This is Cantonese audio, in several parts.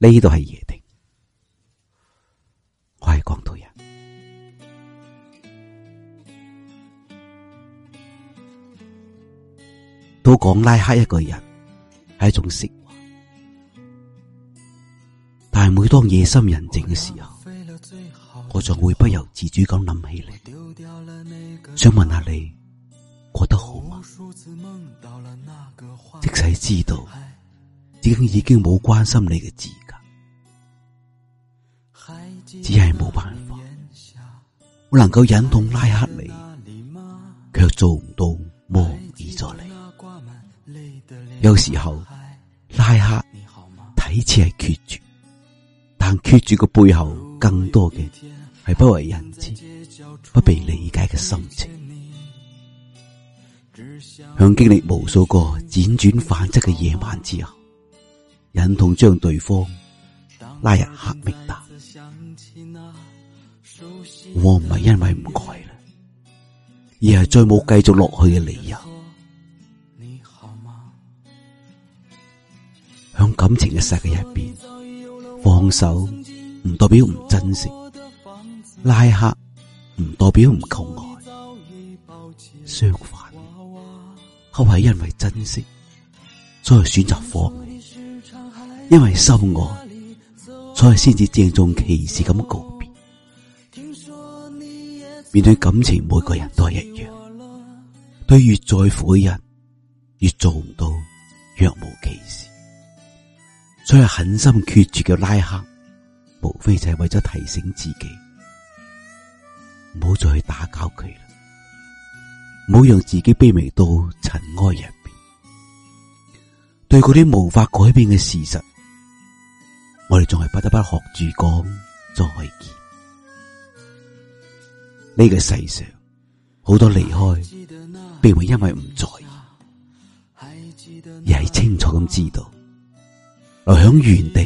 呢度係夜定，我係廣東人，都講拉黑一個人係一種說話，但係每當夜深人靜嘅時候，我仲會不由自主咁諗起你，想問下你過得好嗎？即使知道已經已經冇關心你嘅字。我能夠忍痛拉黑你，卻做唔到忘記咗你。有時候拉黑睇似係決絕，但決絕嘅背後，更多嘅係不為人知、不被理解嘅心情。響經歷無數個輾轉反側嘅夜晚之後，忍痛將對方拉入黑名單。我唔係因為唔愛啦，而係再冇繼續落去嘅理由。你好嗎？響感情嘅世界入邊，放手唔代表唔珍惜，拉黑唔代表唔夠愛。相反，係咪因為珍惜，所以選擇放棄？因為心愛，所以先至鄭重其事咁講。面對感情，每個人都係一樣，對越在乎嘅人，越做唔到若無其事，所以狠心決絕嘅拉黑，無非就係為咗提醒自己，唔好再去打攪佢啦，唔好讓自己卑微到塵埃入面。對嗰啲無法改變嘅事實，我哋仲係不得不學住講再見。呢個世上好多離開，並會因為唔在意，而係清楚咁知道，留響原地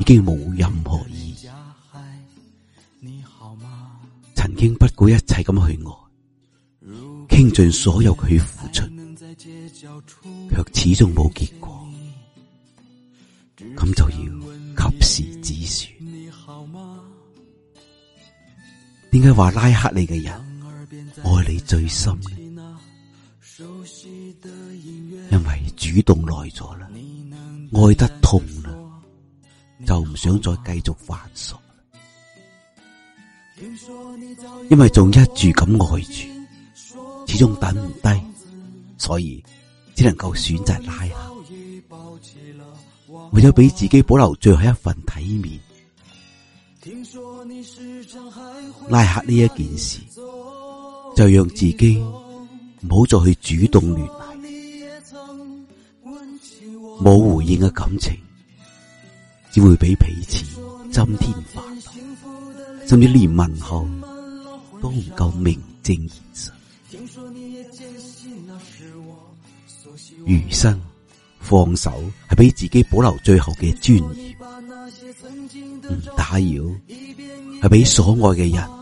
已經冇任何意義曾經不顧一切咁去愛，傾盡所有去付出，卻始終冇結果，咁就要。點解話拉黑你嘅人愛你最深呢？因為主動耐咗啦，愛得痛啦，就唔想再繼續犯傻。因為仲一住咁愛住，始終等唔低，所以只能夠選擇拉黑，為咗俾自己保留最後一份體面。拉黑呢一件事，就讓自己唔好再去主動聯繫，冇回應嘅感情，只會俾彼此增添煩惱，甚至連問候都唔夠名正言順。餘生放手係俾自己保留最後嘅尊嚴，唔打擾係俾所愛嘅人。